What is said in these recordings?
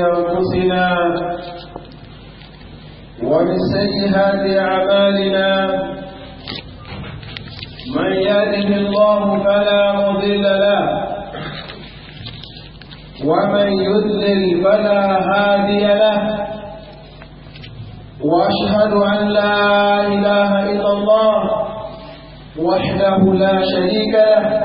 أنفسنا ومن سيئات أعمالنا من يهده الله فلا مضل له ومن يذلل فلا هادي له وأشهد أن لا إله إلا الله وحده لا شريك له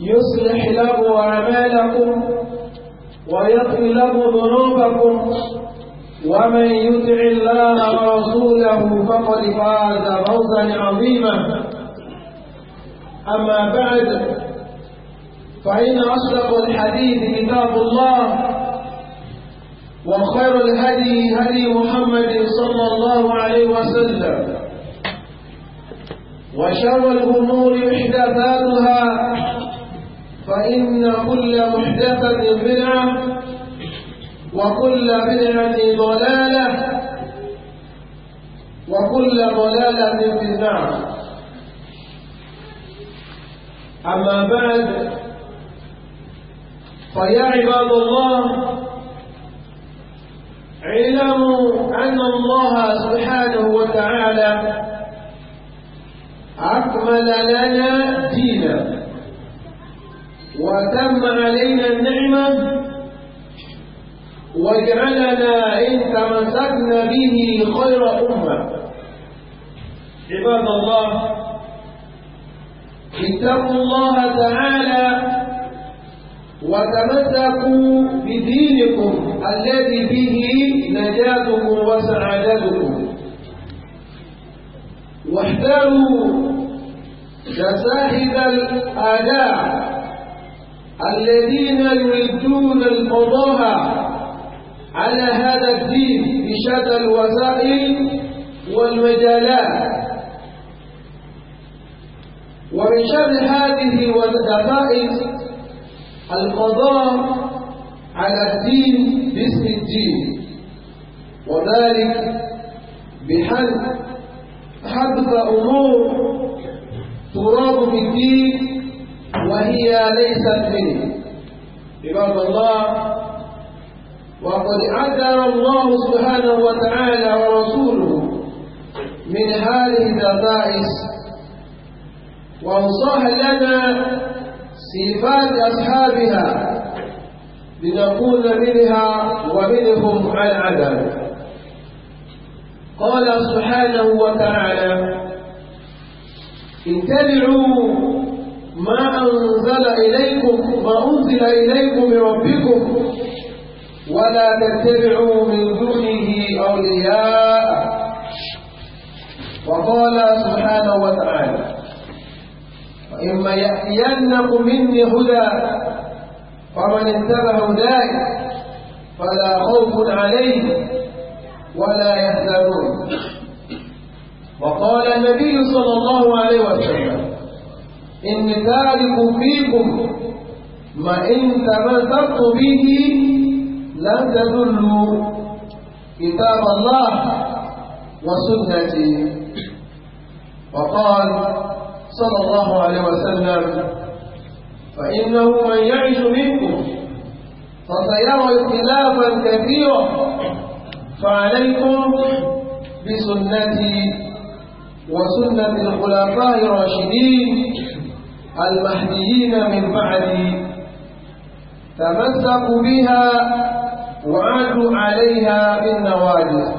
يصلح له أعمالكم ويغفر له ذنوبكم ومن يطع الله ورسوله فقد فاز فوزا عظيما أما بعد فإن أصدق الحديث كتاب الله وخير الهدي هدي محمد صلى الله عليه وسلم وشر الأمور محدثاتها فإن كل محدثة بدعة وكل بدعة ضلالة وكل ضلالة في النار أما بعد فيا عباد الله اعلموا أن الله سبحانه وتعالى أكمل لنا دينا وتم علينا النعمة واجعلنا إن تمسكنا به خير أمة عباد الله اتقوا الله تعالى وتمسكوا بدينكم الذي به نجاتكم وسعادتكم واحذروا كساحب الآداء الذين يريدون القضاء على هذا الدين بشتى الوسائل والمجالات ومن شر هذه والدفائز القضاء على الدين باسم الدين وذلك بحذف حذف أمور تراب بالدين وهي ليست مني عباد الله وقد عذر الله سبحانه وتعالى ورسوله من هذه الدبائس وانصح لنا صفات أصحابها لنكون منها ومنهم على عدم قال سبحانه وتعالى اتبعوا ما أنزل إليكم ما أنزل إليكم من ربكم ولا تتبعوا من دونه أولياء وقال سبحانه وتعالى وإما يأتينكم مني هدى فمن اتبع هداي فلا خوف عليهم ولا يحزنون وقال النبي صلى الله عليه وسلم إن ذلك فيكم ما إن تمسكت به لن تذلوا كتاب الله وسنتي وقال صلى الله عليه وسلم فإنه من يعيش منكم فسيرى اختلافا كثيرا فعليكم بسنتي وسنة الخلفاء الراشدين المهديين من بعدي تمسكوا بها وعادوا عليها بالنواجذ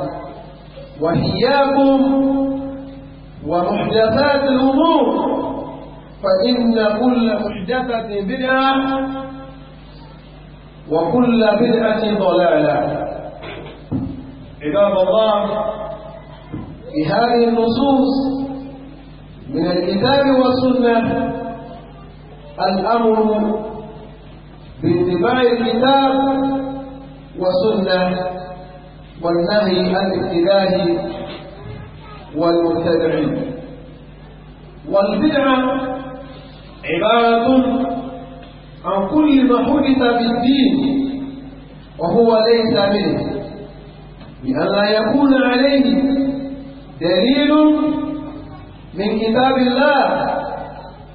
وإياكم ومحدثات الأمور فإن كل محدثة بدعة وكل بدعة ضلالة عباد الله في هذه النصوص من الكتاب والسنة الأمر باتباع الكتاب والسنة والنهي عن الإله والمتبعين والبدعة عبارة عن كل ما حدث بالدين وهو ليس منه لأن لا يكون عليه دليل من كتاب الله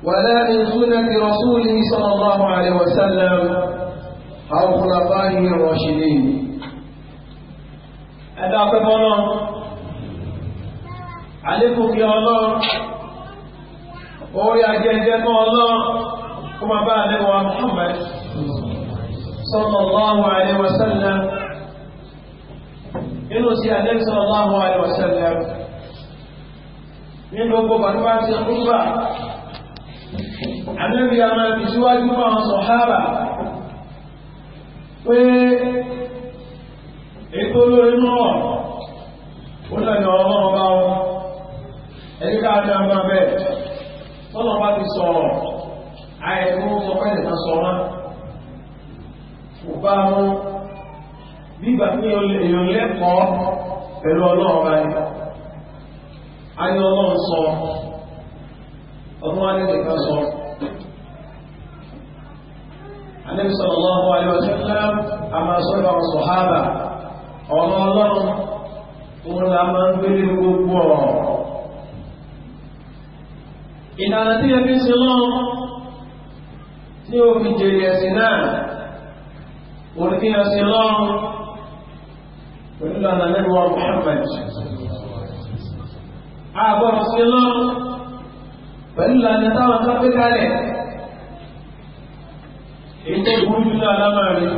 ولا من سنة رسوله صلى الله عليه وسلم أو خلفائه الراشدين أدعى الله عليكم يا الله ويا جنجة الله كما بان محمد صلى الله عليه وسلم إنه سيادك صلى الله عليه وسلم من هو بنوات الخطبة àdébí a máa fi síwájú fún àwọn sọ̀hábà pé ètò olórin náà ó ọmọ ọba wọn ẹni ká dá máa bá ti sọrọ àìkú sọ pé nìkan sọ wọn kò wọn èèyàn báyìí ọdún wa lẹ́nu ìka sọ. Ànábì sallallahu alaihi wa sallam a máa sọ̀rọ̀ àwọn sọ̀hábà ọ̀rọ̀ ọlọ́run òun la máa ń gbélé gbogbo ọ̀rọ̀. Ìlànà tí ẹbí ń ṣe lọ́wọ́ tí ó fi jèrè ẹ̀sìn náà òun kí ẹ ṣe pẹ̀lú ìlànà lẹ́nu wa Muhammad. Àgbọ̀rọ̀ ṣe pẹ̀lú ìlànà táwọn tó gbé kalẹ̀ èyí tó burú jù náà lámàrin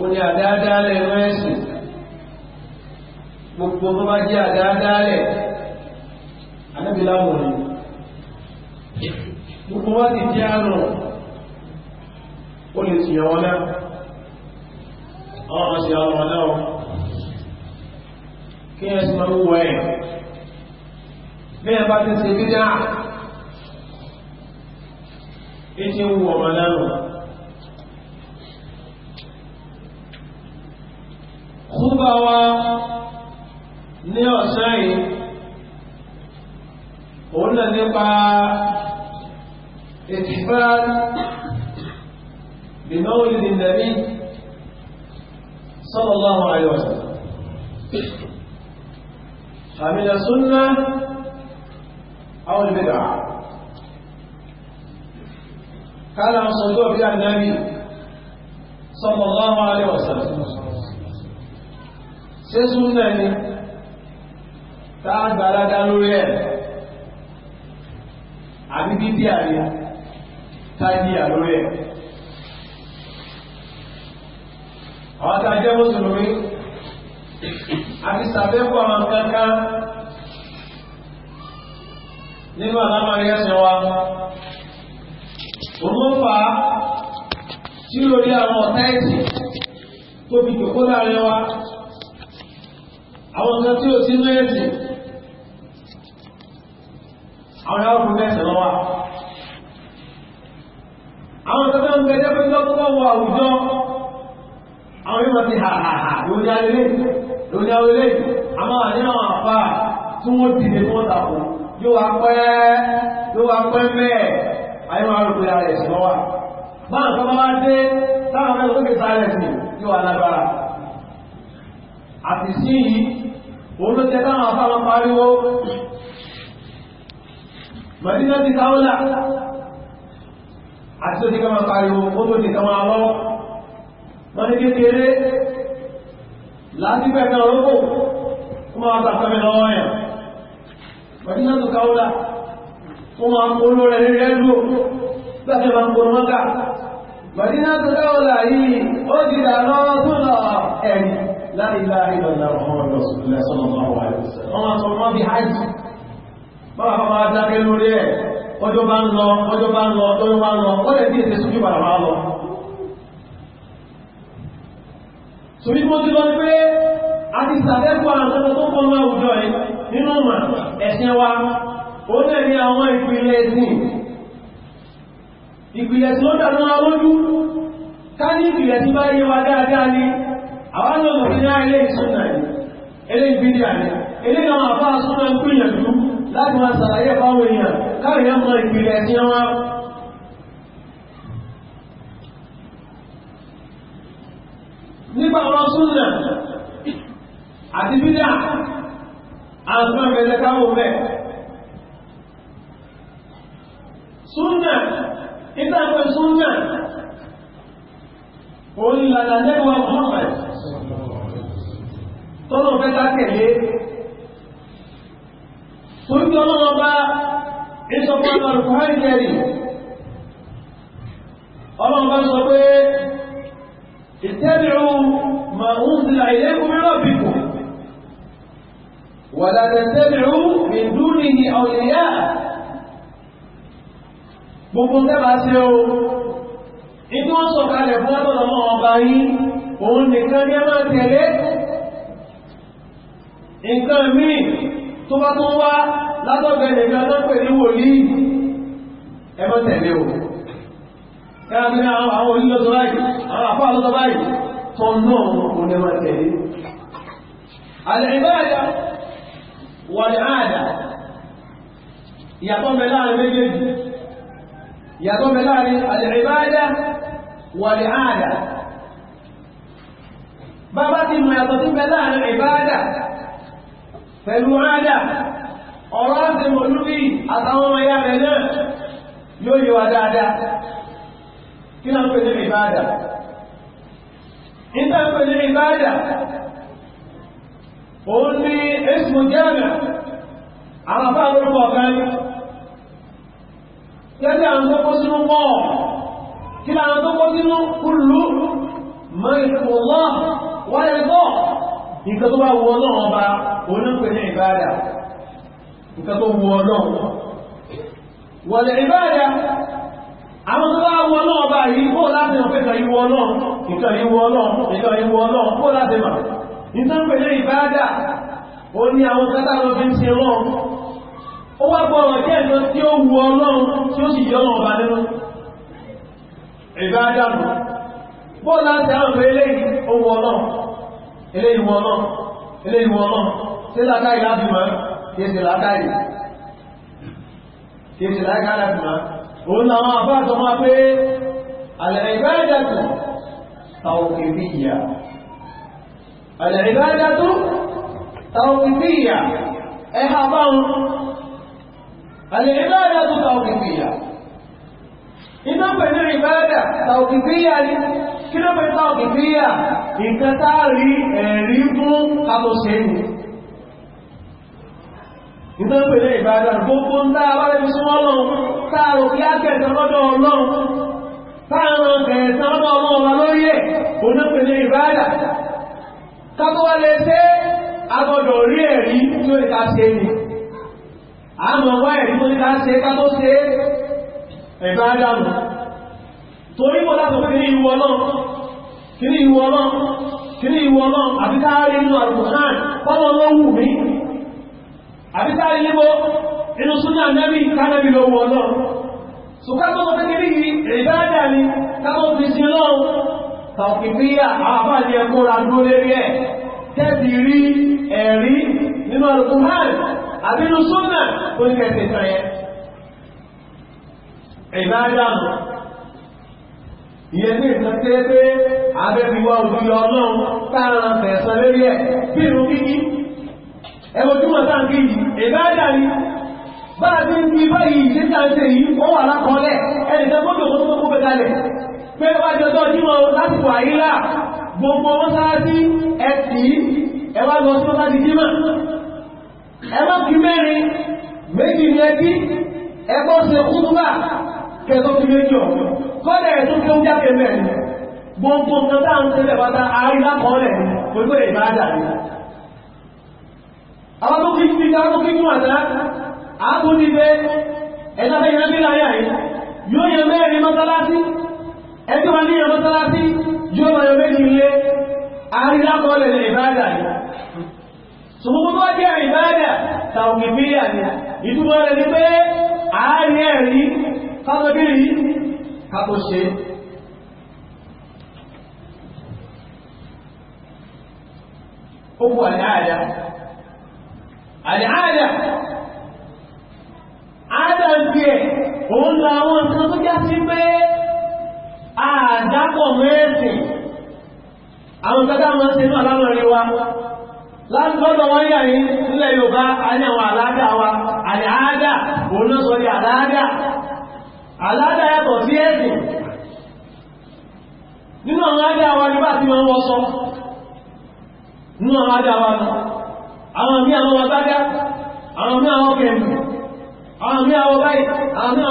ó ní àdáadáalẹ̀ mẹ́sìn gbogbo tó bá jẹ́ àdáadáalẹ̀ anábìláwọ̀ ni gbogbo wá ti jẹ́ àrùn ó lè tìyàn wọn náà ọmọ sí àwọn ọmọ náà kí ẹ sì máa wúwo ẹ̀ bẹ́ẹ̀ bá ti ṣe bídá ètí ń wọ̀ mọ̀lẹ́rùn kúbà wá ní ọ̀sán yìí òun náà nípa ìtìfán بمولد النبي صلى الله عليه وسلم فمن السنه أو البدعة قال مصدوع بها النبي صلى الله عليه وسلم ṣe súnnà ni táà gbàládá lórí ẹ̀ àbí bíbí àríyá táàdíyà lórí ẹ̀ àwọn tàà jẹ́ mùsùlùmí àti sàfẹ́kọ̀ọ́ àwọn kankan nínú àlámàrí ẹ̀sìn wa olófà tí lórí àwọn ọ̀tá ẹ̀sìn tó fi jòkó láàrin wa àwọn kan tí ó ti ní ẹ̀sìn àwọn yàrá fún ẹ̀sìn lọ́wọ́ àwọn kan tó ń bẹ jẹ́ pé lọ́kọ́ wọ àwùjọ àwọn yóò ti hà hà hà lórí alẹ́ lórí alẹ́ àmọ́ àdínà àwọn àfáà tí wọ́n dìde fún ọ̀tà fún yóò wá pẹ́ yóò wá pẹ́ mẹ́ẹ̀ ayé máa rò pé ara ẹ̀sìn lọ́wà báwọn kan bá wá dé táwọn mẹ́rin lókè sáré sí yóò wá lágbára àti sí yìí òun ló tẹ táwọn afáwọn pariwo mọ̀dínà ti káwọ́là àti tó ti ká máa pariwo ó tó ti ká máa lọ́wọ́ wọ́n kékeré láti pẹ̀kan olóko kó máa tàkàmì lọ́wọ́ yẹn mọ̀dínà tó káwọ́lá tó máa ń kóró rẹ̀ rẹ̀ lò láti máa ń kóró mọ́ká mọ̀dínà tó káwọ́lá yìí ó di ìdáná tó lọ ẹ̀rí láìlá ìlọ́lá ọmọdé ọ̀sùnlẹ̀ sọ́nà máa dihaji, lẹ́sẹ̀ wọ́n máa sọ mọ́ bí hajj báwa bá máa dákẹ́ lórí ẹ̀ ọjọ́ bá ń lọ ọjọ́ bá ń lọ ọjọ́ bá ń lọ ó ẹ̀sìn wa ó lè ní àwọn ìpìlẹ̀ ẹ̀sìn ìpìlẹ̀ tí ó dànú alójú ká ní ìpìlẹ̀ tí bá yé wa dáadáa ní àwọn ọmọ sí náà ilé ìsúnà ilé ìbídíà ní ilé àwọn àbá súnmọ́ ń pìyànjú láti máa sàlàyé fáwọn èèyàn káàkiri mọ ìpìlẹ̀ ẹ̀sìn wọn nípa àwọn súnà àti bídíà àtúnmọ̀ ìgbẹ̀lẹ̀ káwọ̀ mẹ́ súnnà ìtàkùn súnnà òun ìlànà lẹ́gbọ́n Muhammad tọ́nà fẹ́ta tẹ̀lé fún kí ọlọ́wọ́ bá ìsọpọ̀ alùpùhárí jẹ́rì ọlọ́wọ́ bá sọ pé ìtẹ́bìrún ma ń sílà ilẹ́kùnrin rọ̀bìkùn ولا تتبعوا من دونه أولياء gbogbo tẹ́bà ṣe o ìdí wọ́n sọ̀kalẹ̀ fún ọlọ́rọ̀ ọba yìí òun nìkan ní ẹmà tẹ̀lé nǹkan míì tó bá tó wá látọ̀gbẹ̀ nìkan tó pè ní wòlíì ẹmà tẹ̀lé o ẹgbẹ́ àwọn olílọ́tọ̀ báyìí àwọn àfáà lọ́tọ̀ wọ̀lẹ̀ àádà ìyàtọ̀ mẹ́ láàrin méjèèjì ìyàtọ̀ mẹ́ láàrin àlẹ̀rẹ̀báyá wọ̀lẹ̀ àádà bàbá ti mọ̀ yàtọ̀ sí mẹ́ láàrin ìbáyá pẹ̀lú àádà ọ̀rọ̀ àti mọ̀lúbí àtàwọn ọmọ ya rẹ̀ náà yóò yọ wa kí náà pẹ̀lú ìbáyá òun ní ismu jami' àwọn afá lórúkọ ọ̀kan lẹ́yìn àwọn tó kó sínú pọ̀ kí láwọn tó kó sínú kúlù mọ́ ìfòlọ́ wáyé bọ́ nǹkan tó bá wù ọlọ́run ọba onípe ní àwọn tó bá kó láti kó láti ìtànpẹ̀lẹ̀ ìbáadà ó ní àwọn kátà lọ fi ń ṣe ọlọ́run ó wá gbọ́ ọ̀rọ̀ jẹ́ ìtọ́ tí ó wu ọlọ́run tí ó sì yọ ọ̀rọ̀ ọba nínú ìbáadà mú bọ́ láti àwọn eléyìí ó wu ọlọ́run eléyìí wu ọlọ́run eléyìí wu ọlọ́run tí látàrí láti mọ́ kéèsì látàrí tó tàwọn kèfì yìí العبادة توقيفية ẹ ha bá ń alìrìbáàdà tó tàwùkìfìyà iná pẹ̀lú ìbáàdà tàwùkìfìyà ní kí ló pẹ̀lú tàwùkìfìyà nǹkan táàrí ẹ̀rí fún kàtòsẹ́ni iná pẹ̀lú ìbáàdà gbogbo ń dá abára ibi súnmọ́ lọ́wọ́ táàrò kí á kẹ̀ẹ̀tàn lọ́dọ̀ ọlọ́run táàrò kẹ̀ẹ̀tàn lọ́dọ̀ ọlọ́run lórí ẹ̀ onípẹ̀lú ìbáàdà tọ́kọ́wà lè ṣe agbọ́dọ̀ rí ẹ̀rí tí ó lè ká ṣe ni a mọ̀ wá ẹ̀rí tó lè ká ṣe ká tó ṣe ẹ̀bá dámù torí mọ̀ látọ̀ kí ní ìwọ náà kí ní ìwọ náà kí ní ìwọ náà àbí káàrí inú àrùkùnrán pọ́nà ló wù mí àbí káàrí níbo inú súnà nẹ́bí kánẹ́bí ló wù ọ náà sùkátọ́ mọ̀ kí ní ìbáadà ni káàkó fi sí tàkìfíyà àbá ní ẹkúnra dúró lérí ẹ̀ tẹ́bì rí ẹ̀rí nínú ọ̀rọ̀kún hàn àbínú súnà tó ní kẹsì tán yẹn ìbájáàmù ìyẹn ní ìsànṣẹ́ pé abẹ́bíwá òjúyọ ọlọ́run táàrán tẹ̀sán lérí ẹ̀ bí irun kíkí ẹwọ tí ni bá a ti ń fi báyìí ìṣẹ́ta ń ṣe yìí wọ́n wà lákọọ́lẹ̀ ẹnìkan mọ́tò tó pé wájọ́jọ́ níwọ̀n láti wà nílà gbogbo wọ́n sára sí ẹ̀tì ẹwà lọ sí ọ̀sá dìjímà ẹmọ́ kí mẹ́rin méjì ní ẹjí ẹgbọ́ sí ọkúnbà kẹtọ́ fi méjì ọ̀ kọ́lẹ̀ ẹ̀tún kí ó jáde mẹ́rin gbogbo nǹkan táwọn tẹ́lẹ̀ bá ta àárí lákọọ́lẹ̀ pẹ̀lú ìbáadà àwọn tó kí ní káwọn kí ní wàtá àábò ní pé ẹ̀ta fẹ́ yẹn bí láyà yìí yóò yẹ mẹ́rin mọ́sálásí ẹni wọn ní ọmọ sálásí yóò máa yọ méjì ilé àrílákọọlẹ̀ ní ìbáàdà ni ṣùgbọ́n tó jẹ́ ìbáàdà tàwọn ìbílẹ̀ ni ìtumọ̀ rẹ̀ ni pé àárín ẹ̀rí kọ́tọ́gìrì kátó ṣe ó wà ní àdá ń fi ẹ̀ òun làwọn nǹkan tó já pé àdápọ̀ kọ àwọn tọ́ta A ṣe náà lámọ̀rí wa lọ́dọ̀ wọ́n yà ní ilẹ̀ Yorùbá a àwọn àládà wa àládà òun náà sọ àládà àládà yàtọ̀ sí ẹ̀sìn nínú àwọn àládà wa nígbà tí wọ́n wọ́ sọ nínú àwọn àládà wa náà àwọn mí àwọn àwọn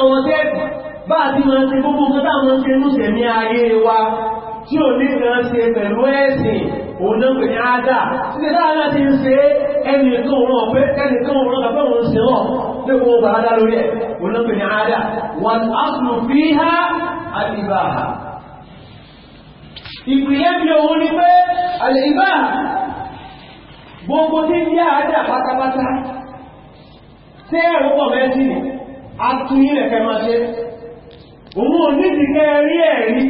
àwọn kẹ̀mù bá àti máa ṣe gbogbo nǹkan táwọn ṣe ń ní ayé wa tí ò ní kan ṣe pẹ̀lú ẹ̀sìn òun náà pè ní ádà títí dáadáa ti ń ṣe ẹnìkan òun ọ̀pẹ́ ẹnìkan òun ọ̀pẹ́ pẹ́ òun ṣe wọ́n pé kò gbà ádá lórí ẹ̀ òun náà pè ní ádà wà áṣùlù gbogbo tí ń yá ádà tẹ́ ẹ̀rọ pọ̀ mẹ́sìn àtúnyìnlẹ̀kẹ́ máa ṣe òun ò ti kẹ́ rí ẹ̀rí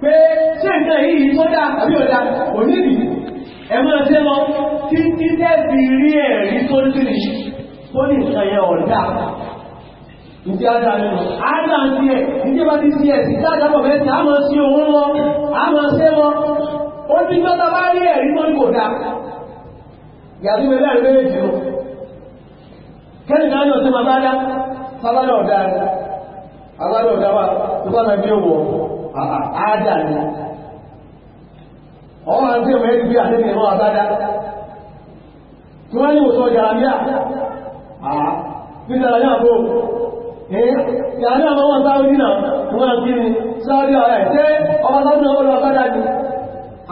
pé ṣé ìtàn yìí sọ́dá àbí ọ̀dá kò níbi ẹ̀mọ́ ṣe lọ tí títẹ́ fi rí ẹ̀rí tó ní nǹkan yẹn ọ̀dá ìdí ọjà nínú àádá ń tiẹ̀ ìdí bá ti tiẹ̀ sí dáadáa mẹ́ta àmọ́ sí òun lọ àmọ́ ṣe lọ ó ní gbọ́ta bá rí ẹ̀rí tó ní kò dá yàtí mẹ́lẹ́ àrí méjèèjì lọ kẹ́lì ọ̀sẹ̀ máa bá dá sábà náà agbádọ̀ dáwà tó bá nàbí òwò àádà ni ọwọ́ àti ọmọ ẹgbẹ́ àtẹ́kì ẹ̀mọ́ àbádá tí wọ́n ní ìwòsàn jàràmíà nígbàrá ní àbò ìyàní àwọn ọmọ sáré nínà wọ́n kí ni sáré ara ẹ̀ tẹ́ ọba sáré náà lọ sáré ni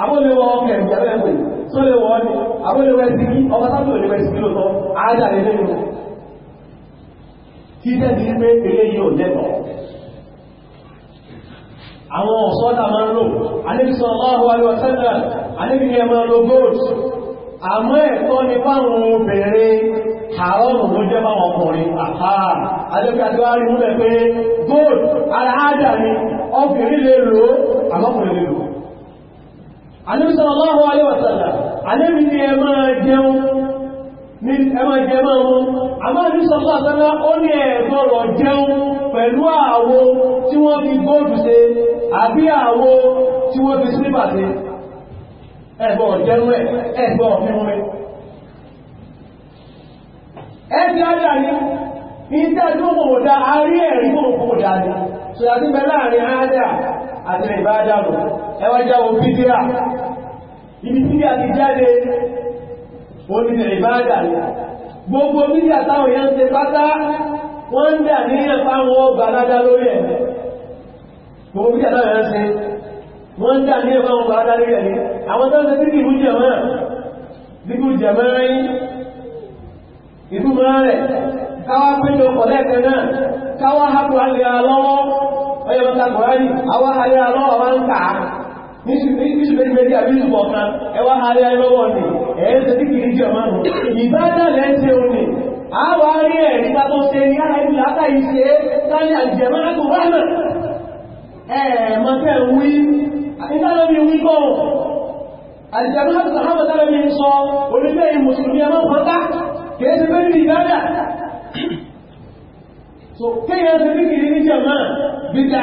àbólewọ́ ọkẹ̀ ìjàbẹ́ ẹ̀pẹ̀ tó lè wọ́ ni àbólewọ́ ẹ̀sìnkí ọba sáré òlewọ́ ẹ̀sìnkí lóòtọ́ àádà lè lẹ́nu títẹ́ ti pé eré yóò lẹ́bọ̀ àwọn ọ̀sọ́dà máa ń lò alébìsọ̀ ọlọ́rọ̀ alẹ́wọ̀sẹ́lẹ̀ alébìyẹ máa lo gold àmọ́ ẹ̀tọ́ ni fáwọn obìnrin àrọ́rùn ló jẹ́ báwọn ọkùnrin àkáà alébìyàdúwárí múlẹ̀ pé gold aláàdà ni ọkùnrin lè lò àmọ́kùnrin lè lò alébìsọ̀ ọlọ́rọ̀ alẹ́wọ̀sẹ́lẹ̀ alébìyẹ máa jẹun ní ẹmọ jẹ máa mú àmọ́ ìrísọ̀lá àtàrà ó ní ẹ̀gbọ́rọ̀ jẹun pẹ̀lú àwọ tí wọ́n fi góòdù ṣe àbí àwọ tí wọ́n fi sílíbà ṣe ẹ̀gbọ́rọ̀ jẹun ẹ̀gbọ́rọ̀ fífún mi wọ́n ní ìbáàdà gbogbo mídíà táwọn èèyàn ṣe pátá wọ́n ń dà níyàn fáwọn ọgbà ládá lórí ẹ̀ gbogbo mídíà táwọn èèyàn ṣe wọ́n ń dà níyàn fáwọn ọgbà ládá lórí ẹ̀ ní àwọn tó ń ṣe bíkì ìlú jẹ̀mọ́ bíkì jẹ̀mọ́ rí ìlú mìíràn rẹ̀ káwá péjọ kọ̀lẹ́ẹ̀kan náà káwá hapù alẹ́ alọ́wọ́ ọyọ́ níṣù méjì méjì àbíṣù kọ̀ọ̀kan ẹwà ààrẹ ayọ́wọ́ ni ẹ̀ẹ́ ṣe tí kìí jẹ ọmọ nù ìbádà lẹ́ṣẹ́ òní àwọ̀ àárí ẹ̀ nípa tó ṣe ní àìbí látàí ṣe láyé àjẹmọ́ lákò wánà ẹ̀ẹ̀mọ́tẹ̀ wí ìtàlọ́bí wí kọ́ọ̀ àjẹmọ́ láti sàhábà tàbí sọ onígbẹ́ ìmùsùlùmí ẹmọ́ pọ́tá kìí ṣe pé ní ìbádà so kéèyàn ṣe tí kìí ní jẹ ọmọ bídà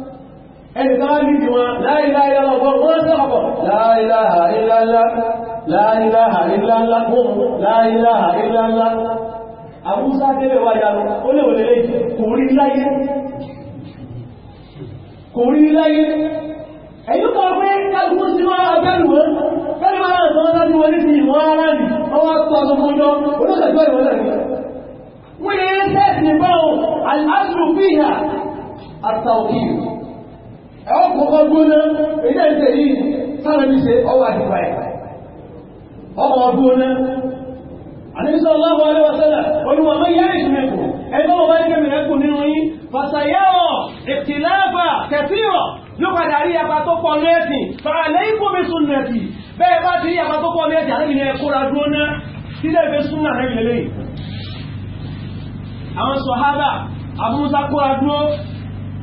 ẹni tó wá ní ti wọn la ilaha illallah wọ́n sọ́kọ̀ la ilaha illallah la ilaha illallah la ilaha illallah àbúsá tẹ́lẹ̀ wà yàrá ó lè wòlé lẹ́yìn kò rí láyé kò rí láyé ẹ̀yí kọ̀ pé kálukú sí wọn abẹ́rùwẹ́ fẹ́rẹ̀ máa rán sọ́wọ́n láti wọlé sí ìwọ̀n ara nì wọ́n wá tó aṣọ fún ọjọ́ olóṣèlú ẹ̀rọ lẹ́yìn wọ́n yẹ tẹ́sì báwọn al-aslu fiha at-tawqir ẹ̀wọ́n kọ́kọ́ gbóná èyí náà ṣe yìí sára ní ṣe ọwọ́ àdìgbà ẹ̀ ọkọ̀ gbóná àníṣe ọlọ́wọ́ alẹ́wọ̀sẹ́lẹ̀ olùwà mọ́ yá ìṣúnmẹ́kù ẹgbẹ́ ọba ní kẹmìnà kù nínú yín fàṣàyẹ̀wọ̀ ìtìláàbà kẹfìrọ̀ yóò padà rí apá tó pọ̀ lẹ́ẹ̀sìn fàálẹ́ ìfòmí súnnẹ̀tì bẹ́ẹ̀ bá ti rí apá tó pọ̀ lẹ́ẹ̀sìn àrẹ́bìnrin ẹ̀kọ́ra dúró àwọn sọ̀hábà àbúmúsá kóra dúró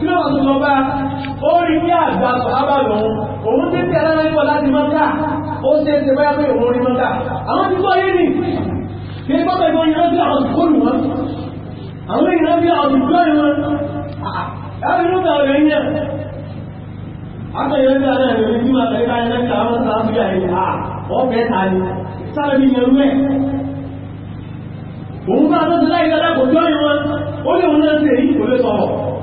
kí ló tó lọ bá ó rí ní àgbà sọ̀hábà lòun òun tí tẹ́lá nípa láti mọ́ta ó ṣe é ṣe báyá pé òun rí mọ́ta àwọn tí kọ́ yé nì kí ní pọ́pẹ́ ìbọn ìran bí àwọn ìkọlù wọn àwọn ìran bí àwọn ìkọlù wọn láti ló bá ọ̀rẹ́ yẹn akọ̀yẹ́ bí alẹ́ rẹ̀ ní máa tẹ̀lé báyẹn lẹ́kà àwọn sábíà yìí à wọ́n fẹ́ ta ni sáré ní yẹn rú ẹ̀ òun bá tó ti láì lọ́dà kò jọ́ ìwọn ó lè wọn náà ṣe èyí kò lè sọ̀rọ̀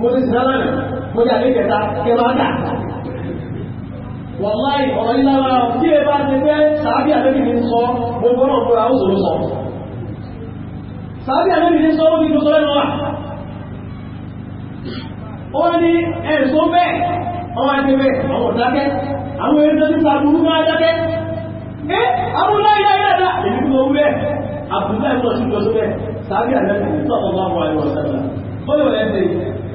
mo ti sinmi lánàá mo ti àlejò ẹ̀ta kí ẹ máa dà. wàláì ọ̀rọ̀ yìí lára tí ẹ bá ti pé sàábì àlejò mi sọ gbogbo náà fúnra ó sòrò sọ. sàábì àlejò mi sọ ó ti tuntun lẹ́nu wa. ó ní ẹ̀sùn bẹ́ẹ̀ ọmọ àti bẹ́ẹ̀ ọmọ dákẹ́ àwọn eré tó ti sàbùrù máa dákẹ́. ẹ abúláyé dáadáa èmi ni mo wú bẹ́ẹ̀ abúláyé tó ti jọ sí bẹ́ẹ̀ sàábì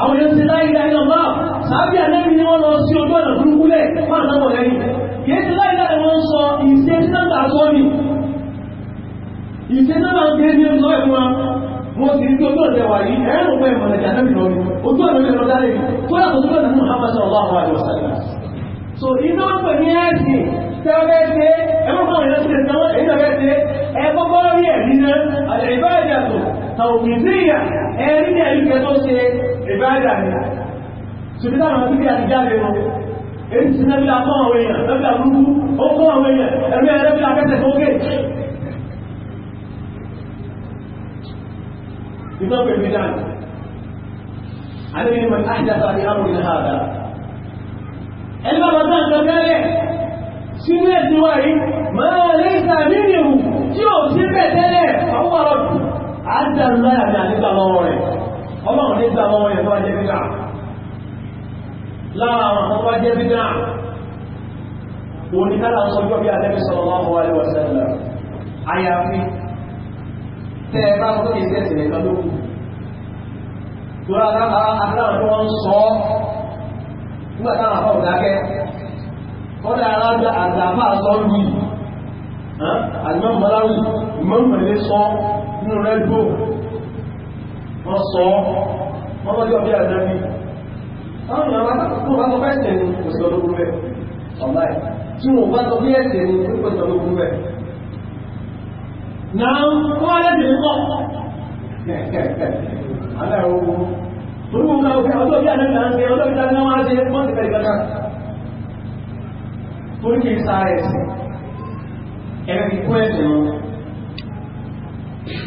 àwọn èèyàn ti láì láì lọ́wọ́ sábí àlẹ́bí ni wọ́n lọ sí ojú ọ̀nà burúkú lẹ̀ wọ́n àtàwọn lẹ́yìn kìí ti láì láì wọ́n sọ ìṣe sábà sọ ni ìṣe sábà ń gbé ìbáyà ni ṣùgbọ́n àwọn tó kí àti jáde wọn èyí ti nẹ́bílá fún àwọn èèyàn nẹ́bílá burúkú ó fún àwọn èèyàn ẹ̀mí ẹ̀ nẹ́bílá kẹsẹ̀ sókè ìtọ́pẹ̀ mi dáa àdébí mọ̀ àjàtà ní àwọn ìlú àdá ẹni bá bàtà nǹkan mẹ́rẹ̀ sínú ẹ̀sìn wa yìí máa lè sàmì nìhù tí ò sí bẹ̀ tẹ́lẹ̀ àwọn ọ̀rọ̀ ọlọ́run ní gbà wọn yẹn tó wá jẹ́ bídà lára àwọn tó wá jẹ́ bídà òní kálá ń sọjọ́ bí alẹ́bí sallallahu alaihi wasallam àyàfi tẹ́ ẹ bá tó ìṣẹ́ ìṣẹ̀lẹ̀ kan ló kù tó rárá aláwọ̀ tó wọ́n sọ ọ́ nígbà táwọn afọ́ òdákẹ́ kọ́dà aláwọ̀ àgbàfà sọ yìí àdìmọ́ mọ́láwì ìmọ̀ mọ̀lẹ́ sọ nínú rẹ́díò wọ́n sọ wọ́n lọ́jọ́ bí àdáni àwọn èèyàn wá tó bá sọ fẹ́ ẹ̀sẹ̀ ẹ̀ tí wọ́n bá sọ bí ẹ̀sẹ̀ ni kò sí ọdún bẹ́ẹ̀ náà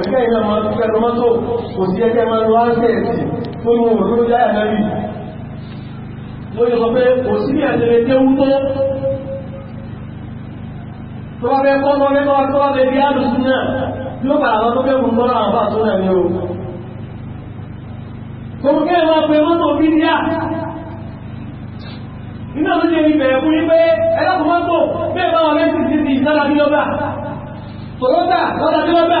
òṣìṣẹ́ iná ma tún ẹnu mọ́tò kò sí ẹgbẹ́ ma lọ áńsẹ̀ẹ̀sì tó mú òun ló dáyà náà rí ló yẹ sọ pé kò sí ní ẹ̀sẹ̀lẹ̀ tí ó wú tó tó bá fẹ́ kọ́ lọ́rẹ́ tó bá fẹ́ bí àdùsù náà tí ó bàrà lọ tó fẹ́ kún lọ́rọ̀ àbá tó náà ní o kò mú kẹ́ẹ̀ máa pe mọ́tò bí díà iná ló jẹ́ ibẹ̀rẹ̀ fún yí pé ẹlẹ́kùn mọ́tò bẹ́ẹ̀ bá wọn lẹ́sìn sí ti ìsára bí lọ́gbà Toyota lọ́dà bí lọ́gbà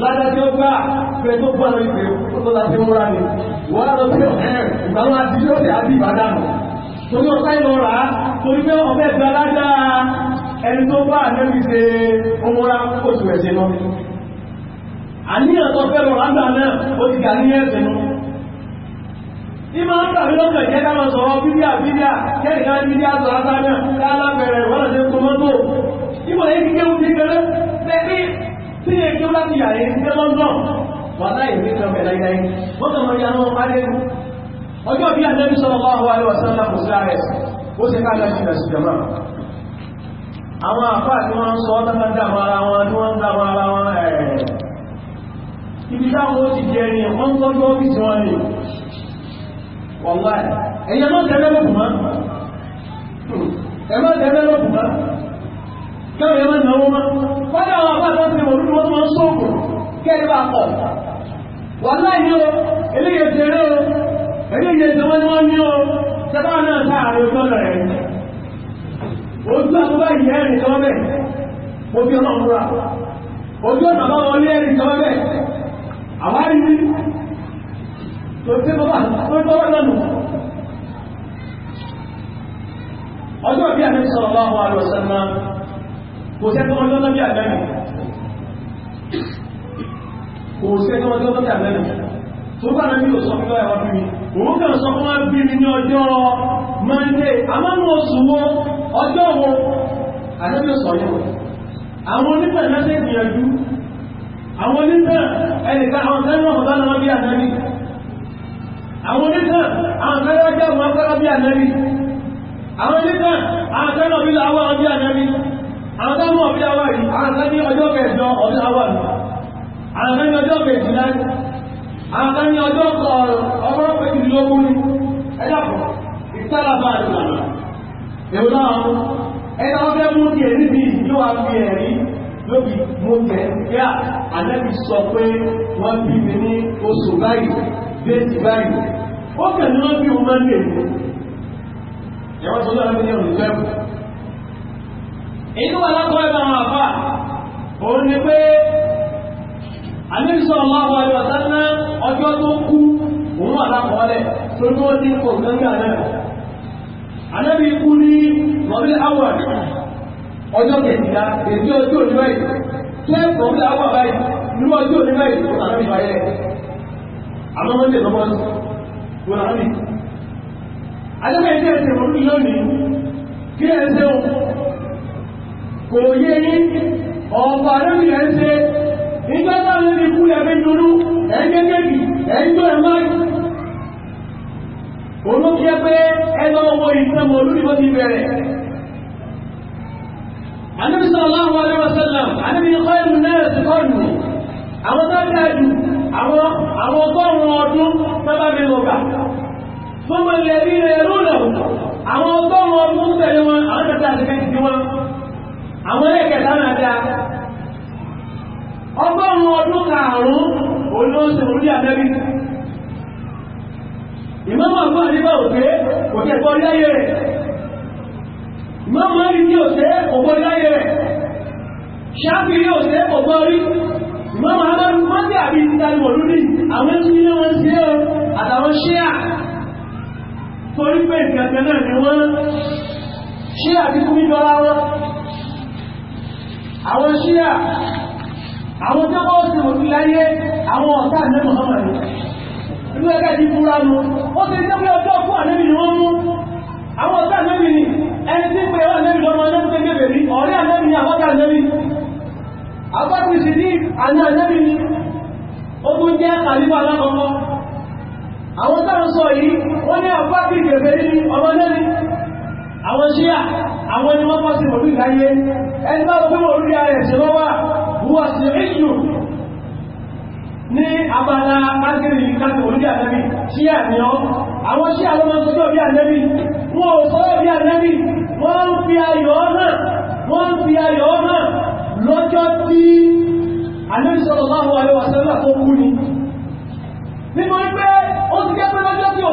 lọ́dọ̀ tí ó gbà pé tó gbà lórí pé ó tó láti múra ni wọ́n lọ sí ọ̀hẹ́ ìgbàwọn àti yóò dé àbí ìbàdàn torí ọ̀sá ìlú rà á torí pé ọ̀fẹ́ ìgbà ládàá ẹni tó bá ànẹ́bí ṣe ọmọra oṣù ẹ̀ṣẹ̀ lọ àníyàn tó fẹ́ lọ lágbà náà ó ti gà ní ẹ̀ṣẹ̀ lọ ìmọ̀ ń tàbí lọ́kọ̀ ìjẹ́ ká lọ sọ̀rọ̀ bídíà bídíà kẹ́rìnká bídíà sọ lásán náà lálábẹ̀rẹ̀ wọ́n lọ sí kọmọ́tò ìmọ̀ yìí kéwù ti kẹrẹ tí èké láti yà èyí sí london wà láì rí sọ bẹ̀rẹ̀ láìláì wọ́n tọ̀ lórí àwọn arẹ́rù ọjọ́ bí ànábì sallallahu alaihi wasallam kò sí ààrẹ ó sì káàkiri jìnà sí jama àwọn sọ ara wọn ara wọn ibi táwọn ó ti ẹni wọn káwọn ẹ̀mọ́ ìnáwó máa kọ́dá àwọn àbá àtọ́sí wọn lórí wọn tó máa ń sóògùn kẹ́rì bá pọ̀ wà láìní ni wọ́n ní o sẹ́bà náà sáàrẹ̀ ojú ọ̀nà rẹ̀ ojú àbúgbà yìí ẹ̀rìn tọ́wọ́ bẹ̀ ojú ọ̀nà òmùra ojú ọ̀nà bá wọlé ẹ̀rìn tọ́wọ́ bẹ̀ àwárí ní tó tẹ́ bọ́bá tó ọjọ́ bí a ní sọ̀rọ̀ bá wà lọ́sàn náà kò sẹ́ tó ọjọ́ lọ́bí àgbẹ́nà kò sẹ́ tó ọjọ́ lọ́bí àgbẹ́nà tó bá náà bí ò sọ fún lọ́yà wá bí mi òun kàn sọ fún wá bí mi ní ọjọ́ mọ́ndé àmọ́nù oṣù wo ọjọ́ wo àdébí sọ yẹn àwọn onígbà náà ṣe àwọn onígbà ẹnìkan àwọn sẹ́yìn ọ̀pọ̀ àwọn tó mọ̀ ọ̀bílá wà ọjọ́ kẹjọ ọ̀bílá wà àwọn ọjọ́ kẹjìlá àwọn ọjọ́ ọgọ́rùn ìtàlàbà ìlànà yóò fi ẹ̀rí lóbi mú kí à àlẹ́bí sọ pé wọ́n bí mi ní oṣù báyìí báyìí ó inú alákọ̀ọ́bà àwọn àfà òun ni pé alẹ́bìsọ̀ ọlọ́wọ́ ayọ̀ sánà ọjọ́ tó kú òun tó ní ó kò náà kú ní mọ̀bílẹ̀ awà ọjọ́ ọjọ́ òní báyìí tó ẹ̀ mọ̀bílẹ̀ awà báyìí ní ọjọ́ òní báyìí tó nàá mi báyẹ̀ àmọ́ wọ́n lè tó nàá mi alẹ́bì ẹ̀jẹ̀ kò yé yín ọ̀pọ̀ àdébì rẹ̀ ń ṣe nígbà táwọn ẹni kú lẹ́fẹ́ dúró ẹ̀ ń gẹ́gẹ́bì ẹ̀ ń gbọ́ ẹ̀ máa olókè pé ẹgbẹ́ owó ìsinmi olúdìbọ́ ti bẹ̀rẹ̀ Ànábì sallallahu alaihi wasallam Ànábì khairun nas qarni àwọn tó dájú àwọn ọgọ́rùn ọdún tọ́bá mi lọ́gbà fún mọ̀lẹ́bí rẹ̀ lónà àwọn ọgọ́rùn ọdún tẹ̀lé wọn àwọn tẹ̀lé àti kẹ́kẹ́ wọn àwọn ẹ̀kẹta náà dá ọgọ́rùn ọdún karùn-ún olóòsìn orí àmẹ́rí ìmọ́mọ̀ àgbọ́n nígbà òfé kò jẹ́ gbọ́ láyé rẹ̀ ìmọ́mọ̀ rí ní òfé kò gbọ́ láyé rẹ̀ ṣáàfì rí òfé kò gbọ́ rí ìmọ́mọ̀ agbọ́rù mọ́sí àbí ìtàlùmọ̀ lórí àwọn tí ní wọ́n sí ẹ̀rọ àtàwọn ṣíà torí pé ìgbẹ̀gbẹ̀ náà ni wọ́n àwọn ṣíyà àwọn tí wọ́n ti wòlú láyé àwọn ọ̀tá àná Muhammad inú ẹgbẹ́ ti búra nu ó ti ní pé ọjọ́ fún ànẹ́bì ni wọ́n mú àwọn ọ̀tá ànẹ́bì ni ẹni tí pé ọwọ́ ànẹ́bì lọ́mọ ọjọ́ pé kébè rí ọ̀rẹ́ ànẹ́bì ni àbọ́tà ànẹ́bì àbọ́tà sì ní àná ànẹ́bì ni ó tún jẹ́ àlífà alákọ̀ọ́kọ́ àwọn táwọn sọ yìí wọ́n ní àbọ́tà kèfèrí ni ọmọ ànẹ́bì àwọn ṣíyà àwọn ẹni wọ́n pọ́sí pẹ̀lú ìláyé ẹni bá gbogbo orí ààrẹ ṣe lọ wà wúwà sí ìlú ní abala káàkiri káàkiri orí ànẹ́bì sí àníọ́ àwọn sí alọ́mọsọ́jọ́ bí ànẹ́bì wọ́n ò sọ́rọ̀ bí ànẹ́bì wọ́n ń fi ayọ̀ náà wọ́n ń fi ayọ̀ náà lọ́jọ́ tí ànẹ́bì sallallahu ni nítorí pé ó ti jẹ́ pé lọ́jọ́ tí ò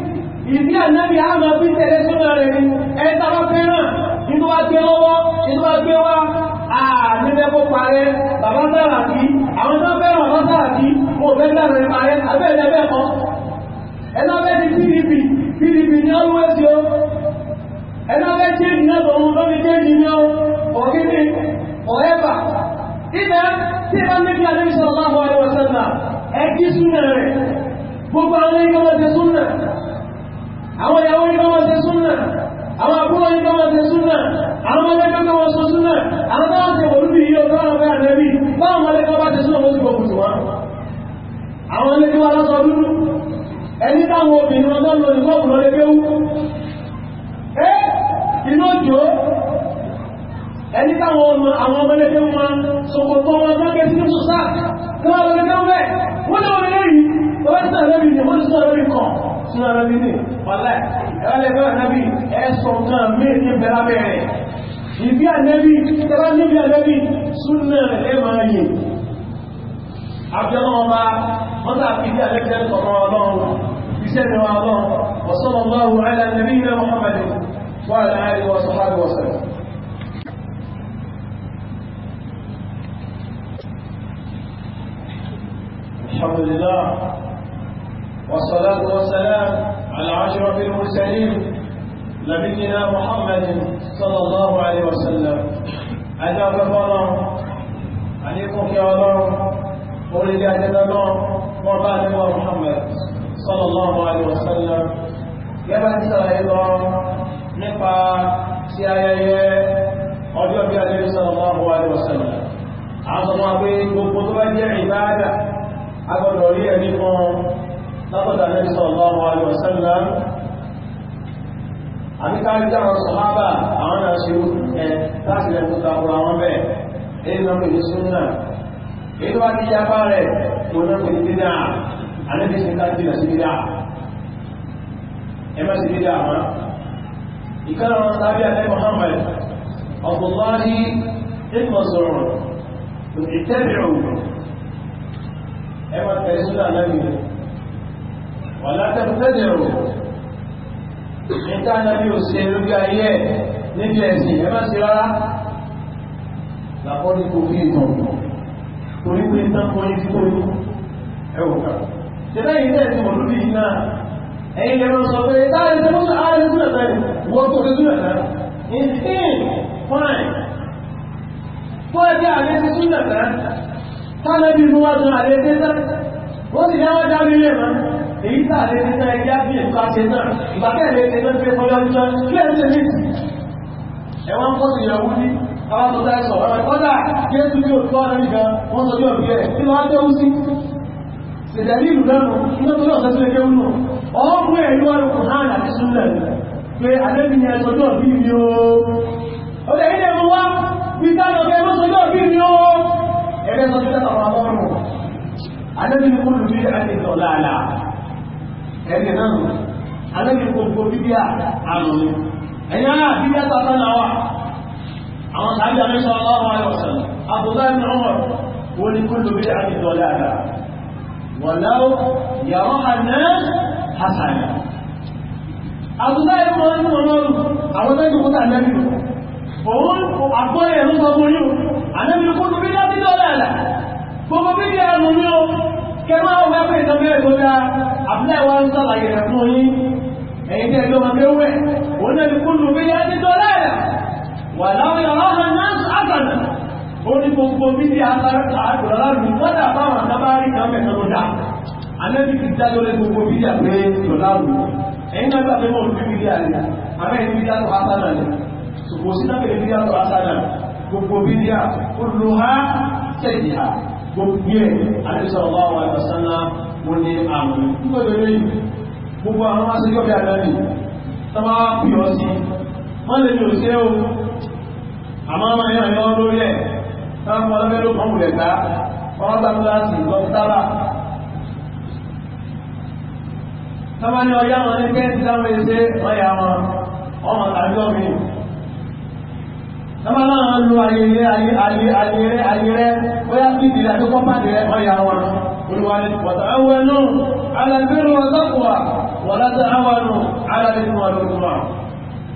ìdí ànábì àmà fi tẹ̀lé súnà rẹ̀ ni ẹ̀ta bá fẹ́ràn inú wa gbé lọ́wọ́ inú wa gbé wá àmìlẹ̀ kó parẹ́ bàbá sára sí àwọn tó fẹ́ràn bàbá sára sí mo fẹ́ sára rẹ̀ parẹ́ abẹ́ẹ̀lẹ́ bẹ́ẹ̀ kọ́ ẹ̀nà bẹ́ẹ̀ ni PDP PDP ni ó wẹ́ sí o ẹ̀nà bẹ́ẹ̀ ṣe ìdí náà tọ̀run lórí jẹ́ ìdí ní ọ̀gídì ọ̀ẹ́bà ibẹ̀ tí ìbá níbi àdébísọ̀ ọ̀lá àwọn ẹ̀wọ̀ sẹ́nà ẹ̀kí súnà rẹ̀ gbogbo àwọn ẹ̀yọ́ àwọn ìyàwó ní kọ́mọ̀ ṣe súnà àwọn àbúrò ní kọ́mọ̀ ṣe súnà àwọn ọmọlẹ́kọ́ kọ́mọ̀ ṣe súnà àwọn bá ṣe olúbi yìí ọjọ́ àwọn fẹ́ ànẹ́bí báwọn ọmọlẹ́kọ́ bá ṣe súnà mọ́ sí gbogbo tù wọn àwọn ilé tí wọ́n lọ́sọ dúdú ẹni táwọn obìnrin ọjọ́ lọ ní gbọ́kùn lọ́lẹ́ kéwú ẹ́ inú òjò ẹni táwọn ọmọ àwọn ọmọlẹ́kẹ́ wọn sọ̀kọ̀tọ̀ wọn lọ́kẹ́ sínú sọ́sá kí súnà nàbí ní wàlá ẹ̀rọ̀lẹ́gbẹ́ nàbí ẹ̀sọ̀ kan méje bẹ̀rẹ̀ bẹ̀rẹ̀ ìbí ànẹ́bí tẹ́lá níbi ànẹ́bí súnà rẹ̀ máa yìí àbíọ́nà ọba wọ́n tàà fi bí àlẹ́gbẹ́ sọ̀rọ̀ ọlọ́run iṣẹ́ ni wọn lọ ọ̀sán ọlọ́run ala nabiyina Muhammadin wa ala alihi wa sahbihi wa sallam الحمد لله والصلاة والسلام على أشرف المرسلين نبينا محمد صلى الله عليه وسلم أدى كفر عليكم يا الله أولي الله وقال محمد صلى الله عليه وسلم يبقى سائلا nípa tí ayẹyẹ ọjọ́ bí alẹ́rí sallallahu alaihi wasallam àwọn ọmọ agbé gbogbo tó bá jẹ́ látọ̀dá ní sallallahu alaihi wasallam àbíkárí tí àwọn sọ̀hábà àwọn náà ṣe ẹ láti lè tó takura wọn bẹ́ẹ̀ èyí náà pèlú súnnà èyí wá ti yapa rẹ̀ tó náà pèlú bídà àníbi sí ká jìnà sí bídà ẹ má sí bídà àmá ìkọ́nà wọn sábẹ́ alẹ́ Muhammad ọ̀pọ̀lọ́rí ìmọ̀ sọ̀rọ̀ ìtẹ́bìrì ẹ má tẹ̀sí náà lẹ́yìn ọ̀la tẹ́tẹ́tẹ́ rò níta náà bí o ṣe lórí ayé ẹ̀ níbi ẹ̀sìn ẹ má ṣe rárá làkọ́ni kò fi ìtàn torí pé tán kọ́ ní tó ẹ wò ká ṣe lẹ́yìn náà ti wọ̀ lórí yìí náà ẹ̀yin lẹ́nu sọ pé táyà ṣe mọ́tò ààrẹ sílẹ̀ bẹ́ẹ̀ wọ́n tó ṣe sílẹ̀ náà insane fine tó ẹgbẹ́ àlẹ́ ti sílẹ̀ náà tánà bí mo wá tún àlẹ́ tẹ́tẹ́ wọ́n sì dáwọ́ dárí lè máa èyí tààrí nínú ẹgbẹ́ bí ìfúkà ṣe náà ìgbàkẹ́lẹ̀ ẹgbẹ́ pé fọ́lọ́ ìjọ kílẹ̀ ń ṣe ní ẹ̀wọ̀n pọ̀ sí ìyàwó ní alábọ̀dá ẹ̀sọ̀ ọ̀rẹ́ kọ́dà jésù ní òtú ọ̀rẹ́ nìkan wọ́n sọ ní òbí ẹ̀ kí lọ́wọ́ tẹ́ sí ṣèjẹ̀lì ìlú lẹ́nu nígbà tó lọ́sẹ̀ sílẹ̀ kéwù nù ọ̀ọ́kùn ẹ̀ ní wọ́n kùn hàn àti súnlẹ̀ pé alẹ́bí ni ẹ̀sọ̀ ní òbí ni ó ọ̀dẹ̀ ilẹ̀ mú wá pítà lọ bẹ́ẹ̀ mọ́sọ̀ ní òbí ni ó ẹ̀rẹ́ sọ sí ẹ̀sọ̀ àwọn ọmọ ọmọ alẹ́bí ni kúlù bí ẹ̀sìn tọ̀lá ẹ̀mẹ̀ náà nù alẹ́mì gbogbo bíbí àrùn ni ẹ̀yà bíbí àtàtà náà wà àwọn tàbí àmẹ́sọ ọlọ́wọ́ ayọ̀sán àbúdá ní ọmọ wọ́n ni kó lóbi àti dọ̀lẹ́ àdá wọ̀láwó yàwó àná hasana àbúdá ìmọ̀ nínú ọlọ́run àwọn tẹ́jú kó tà lẹ́nu òun àgbọ́yẹ̀ ló sọ fún yóò àlẹ́mì kó lóbi àti dọ̀lẹ́ àdá gbogbo bíbí àrùn ni ó kẹ máa wọ́n pẹ́ ìtọ́ mẹ́rin tó dáa àbúlẹ̀ wa ń sàlàyé rẹ̀ fún yín ẹ̀yìn tẹ́ ló máa kéwẹ́ òun náà ti kú lù bí yẹn ti dọ́lá ẹ̀ wà láwọn yàrá ọ̀hún náà àgbàdà ó ní gbogbo bí i àgbàdà lù wọ́dà báwọn àtàbárí kan mẹ́ta ló dáa alẹ́bí ti dá lórí gbogbo bí i àgbẹ̀ dọ́lá lù ẹ̀yìn náà gbàgbé mọ̀ lù bí i àlẹ́ àmẹ́ ẹni bí i àtọ̀ àtàlà gbogbo ẹ̀ àdísọ̀rọ̀lá wà ìwàsánlá wọ́n ní àmì nígbàgbẹ̀rẹ̀ gbogbo àwọn wá sí yọ́bẹ̀ àdáni tọ́bá pìọ́ sí wọ́n lè ní òṣèré o àmọ́ ọmọ ẹ̀yàn ẹ̀yọ́ lórí ẹ̀ tọ́bá ọlọ́bẹ̀ ló kàn wùlẹ̀ ká ọlọ́bà kíláàsì lọ́tàbà tọ́bá sábà náà lo ayẹyẹ ayẹyẹ ayẹyẹ ayẹyẹ bóyá bí ìdílé àti kọ́pàdé rẹ ọ̀yà wọn olùwárí wọ̀tà ẹwẹ́ náà alàgbèrè wọn sọ́kùwà wọ́n láti àwọn nù alàgbèrè wọn lọ́kùnmá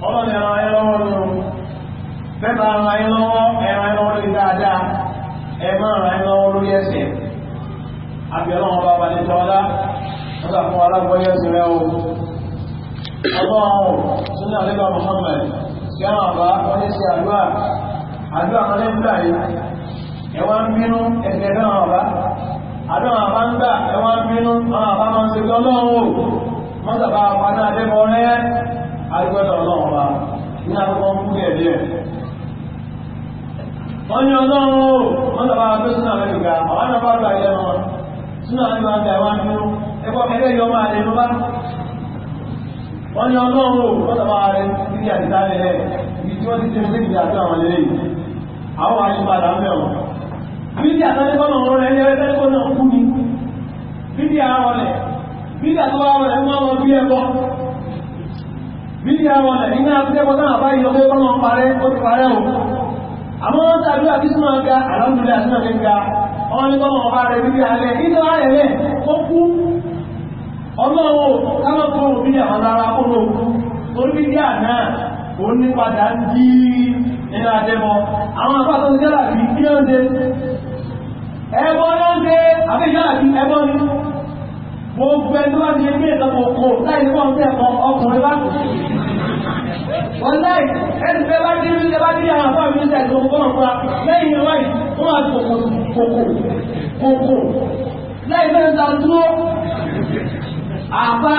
ọlọ́ni ẹran ayé lọ́wọ́ nù bẹ́ẹ̀ bá ẹran ayé lọ́wọ́ ẹran ayé lọ́wọ́ lórí dáadáa ẹ má ẹran ayé lọ́wọ́ lórí ẹsẹ̀ àbẹ̀rẹ̀ wọn bá balẹ̀ tọ́lá wọ́n sàkóso alágbọ́yẹ̀sì rẹ o ọlọ́run sínú àlébà Muhammad tí àwọn àbá wọ́n lè ṣe àdúrà àdúrà wọn lè gbà yìí ẹ̀wọ́n ń bínú ẹ̀fẹ̀ náà àbá àdúrà àbá ń gbà ẹ̀wọ́n ń bínú àwọn àbá máa ń ṣe tọ́ náà wò wọ́n sàbá àpáná adébọ̀ rẹ́ àdúgbọ́dọ̀ ọlọ́run wa ní àkọ́kọ́ ń kúrẹ̀ díẹ̀ wọ́n ní ọlọ́run wò wọ́n wọ́n ní ọlọ́run ò kọ́tàbà rẹ̀ sí àdìsálẹ̀ rẹ̀ ibi tí wọ́n ti ṣe fún ìjà àti àwọn ilé yìí àwọn àṣìpadà ń bẹ̀rù bíbí àtàlẹ́kọ́nà ọ̀rọ̀ rẹ̀ ní ẹgbẹ́tẹ́lẹ́kọ́nà kú ni bíbí àwọlẹ̀ bíbí àtọ́wọ́ rẹ̀ máa wọn bí ẹbọ bíbí àwọlẹ̀ iná abúlẹ́kọ́ náà bá yọ pé kọ́nà parẹ́ ó ti parẹ́ o àmọ́ wọ́n tàbí àti súnmọ́ ga àlọ́dúnlẹ̀ ọlọ́wọ́ káwọn tó wọ́n bídí àwọn ará kúrò torí bídí àná ó ní padà ń dí nínú àjẹmọ́ àwọn àpáta ní jẹ́lá bí kí ó ń dé ẹbọ ló ń dé àbíjọ́lá bí ẹbọ ni gbogbo ẹni wá ní ẹgbẹ́ ìtọ́kọ̀ kò láì ní wọ́n tẹ̀ ọkùnrin bá wọ́n láì ẹni fẹ́ bá dé ní ẹbá dé àwọn àpá mi níta ìlú ọgbọ́n lẹ́yìn wáyìí wọ́n á kòkò kòkò láì fẹ́ ta dúró àfà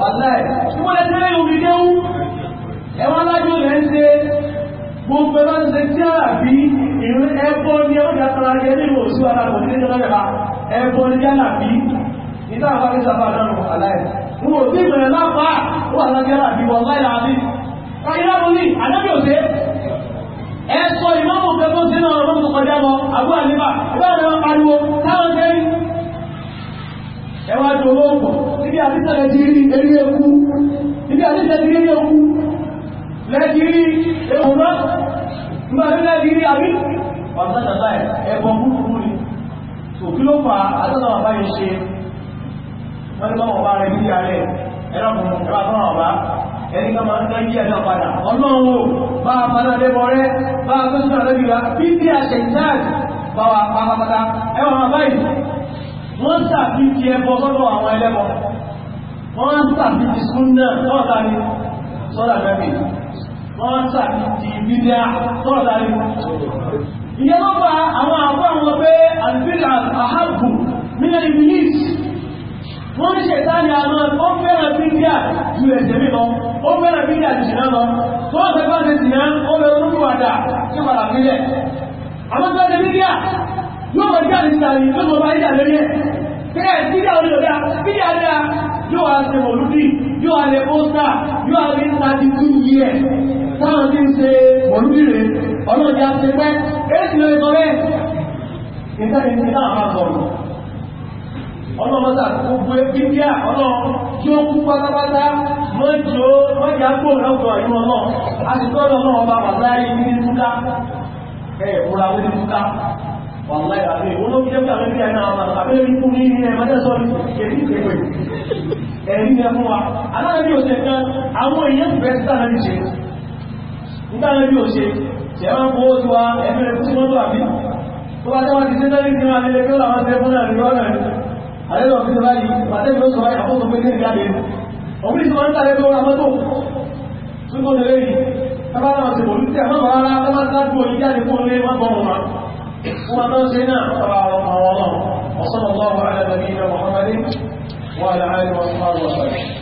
wàlẹ̀ tí wọ́n lẹ́ tẹ́lẹ̀ omi déhù ẹwọ́n lájú rẹ̀ ń ṣe gbogbo ẹ̀rọ ń ṣe tí àrà bí ìrìn ẹbọ ní ẹwọ́n jàtara ní ẹni ìwò sí ara kò ní ẹjọ́ mẹ́ta ẹbọ ní yálà bí nígbà àwọn akẹ́sàfà dánù wàlẹ̀ wọn ò sí ìbẹ̀rẹ̀ lápá wà lájẹ́ àrà bí wọ́n láyà bí káyọ̀ ní àdábì òṣè ẹ sọ ìmọ̀mù fẹ́ tó sínú ọ̀rọ̀ mọ́tò kọjá lọ àbúrò àlébà ìbára pariwo táwọn jẹ́rìí ẹwà dòwó pọ̀ níbi àdísẹ̀lẹ̀ ti rí eré eku níbi àdísẹ̀lẹ̀ ti rí eku lẹ́ti rí ehùn náà nígbà tí lẹ́ti rí àbí ọ̀sán tàbá ẹ̀bọ̀n búburú ni tò kí ló fà àtọ́nà bàbá yìí ṣe wọ́n ní bọ́mọ̀ bá rẹ̀ ní ìyàrẹ̀ ẹ̀rọ̀kùnrin ẹ̀rọ àtọ́nà bàbá ẹni ká máa ń ná yí ẹ̀dá padà ọlọ́run o bá a wọ́n sàbí ti ẹbọ lọ́dọ̀ àwọn ẹlẹ́bọ wọ́n sàbí ti súnnà lọ́dà ní sọ́dà mẹ́bí wọ́n sàbí ti bídíà lọ́dà ní ìyẹn ló fa àwọn àwọn àwọn pé albídà àhágù mílẹ̀ ibilis wọ́n ní ṣètáni àwọn ó fẹ́ràn bídíà ju ẹ̀jẹ̀ mi lọ ó fẹ́ràn bídíà ju ṣìnà lọ tó ọ̀sẹ̀ bá ti ṣìnà ó lọ orúkú àdá sí padà nílẹ̀ àwọn tó yóò mọ̀ jáde sàrì yóò mọ̀ bá yíjà lórí ẹ̀ bẹ́ẹ̀ bíjà orí ọ̀dá bíjà dá yóò wá ṣe mọ̀lúdì yóò wá lè pósítà yóò wá lè tàbí kú yí ẹ̀ táwọn tí ń ṣe mọ̀lúdì rẹ̀ ọlọ́jà ṣe pẹ́ èsì lórí sọ bẹ́ẹ̀ ìtẹ́ni ti náà máa sọ̀rọ̀ ọlọ́mọ́sà gbogbo bíbíà ọlọ́run tí ó kú pátápátá mọ́jì ó mọ́jì àpò ìrọ̀gbọ̀ ìlú ọlọ́run a sì tọ́lọ́ ọlọ́run ní ìlú ẹ̀ ìwúra wọlé ìlú wàláyé àbí olóbi jẹ́ pé àbẹ́bí àná àwọn àbẹ́bí fún ní ilẹ̀ mọ́tẹ́sọ́ ní èrí ìpèpè ẹ̀rí ni ẹkún wa aláàbí òṣè kan àwọn èèyàn fẹ́ sáà ní ṣe nígbàlẹ́ bí òṣè tí ẹwà kó ó tiwa ẹgbẹ̀rẹ̀ fún símọ́tò àbí tó bá tẹ́wà ti sẹ́tẹ́lì tí wọ́n alẹ́lẹ́ pé làwọn tẹ́ fún àríwá náà alẹ́lẹ́ ọ̀fíìsì báyìí pàtẹ́bí ó sọ àkóso pé kéèké àbẹ́ ọ̀gbìn tí wọ́n ń tàlẹ́ pé wọ́n amọ́tò tún kó lè lẹ́yìn tábàlà ọ̀sẹ̀ pòlùtì àmọ́ bàbá rárá tábàlà tó ìjáde fún ilé wọn bọ̀ wọn وما زنا حرارة وصلى الله على نبينا محمد وعلى آله وصحبه وسلم